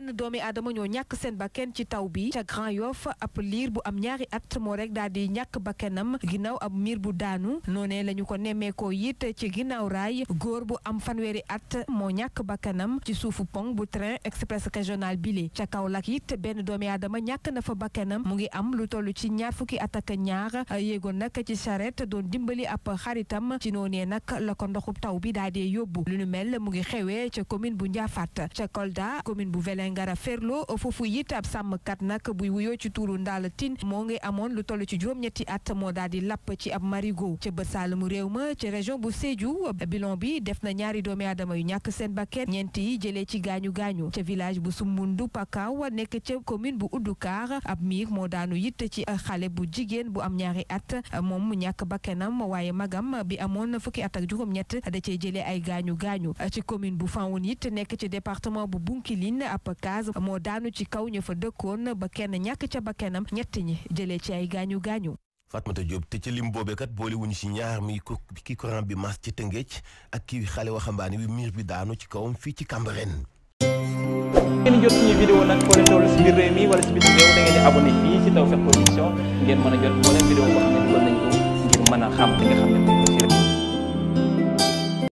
benn doomi aadama ñoo ñàkk seen bakken ci taw bi ca Grand Yoff ab liir bu am ñaari at moo rek daal di ñàkk bakkenam ginnaaw ab miir bu daanu noonee lañu ko nemmeekoo it ci ginnaaw raay góor bu am fanweeri at moo ñàkk bakkanam ci suufu pont bu train express régional bile ca kaw Kaolack it benn doomi aadama ñàkk na fa bakkanam mu ngi am lu toll ci ñaar fukki at ak ñaar yéegoon nag ci charrette doon dimbali ab xaritam ci noonee nag la ko ndoxu taw bi mooy Ngara Ferlo foofu yitab sàmmkat nag buy wuyoo ci tuuru Ndaala Tine moo ngi amoon lu toll ci juróom-ñetti at moo daal di lapp ci ab marigot ca bëj-saalumu réew ma ci région bu Sédhiou bilan bi def na ñaari doomi aadama yu ñàkk seen bakket ñeent yi jëlee ci gaañu gaañu ca village bu Sumbundu Pakaw nekk ca commune bu Oudoukar ab miir moo daanu yitt ci xale bu jigéen bu am ñaari at mu ak juróom-ñett da cee jëlee ay gaañu gaañu ci commune bu Fawoon it nekk ci département bu Bunkiling ab gaz moo daanu ci kaw ñu fa dëkkoon ba kenn ñàkk ca bakkanam ñett ñi jëlee ci ay gaañu gaañu. Fatmata Diop te ca lim boobee kat boole ci ñaar mi ki courant bi mas ci Tëngéej ak ki xale waxambaane wi miir bi daanu ci kawam fii ci Cambérène. ngeen si biir réew mi wala si bitim réew da ngir mën a xam li nga xam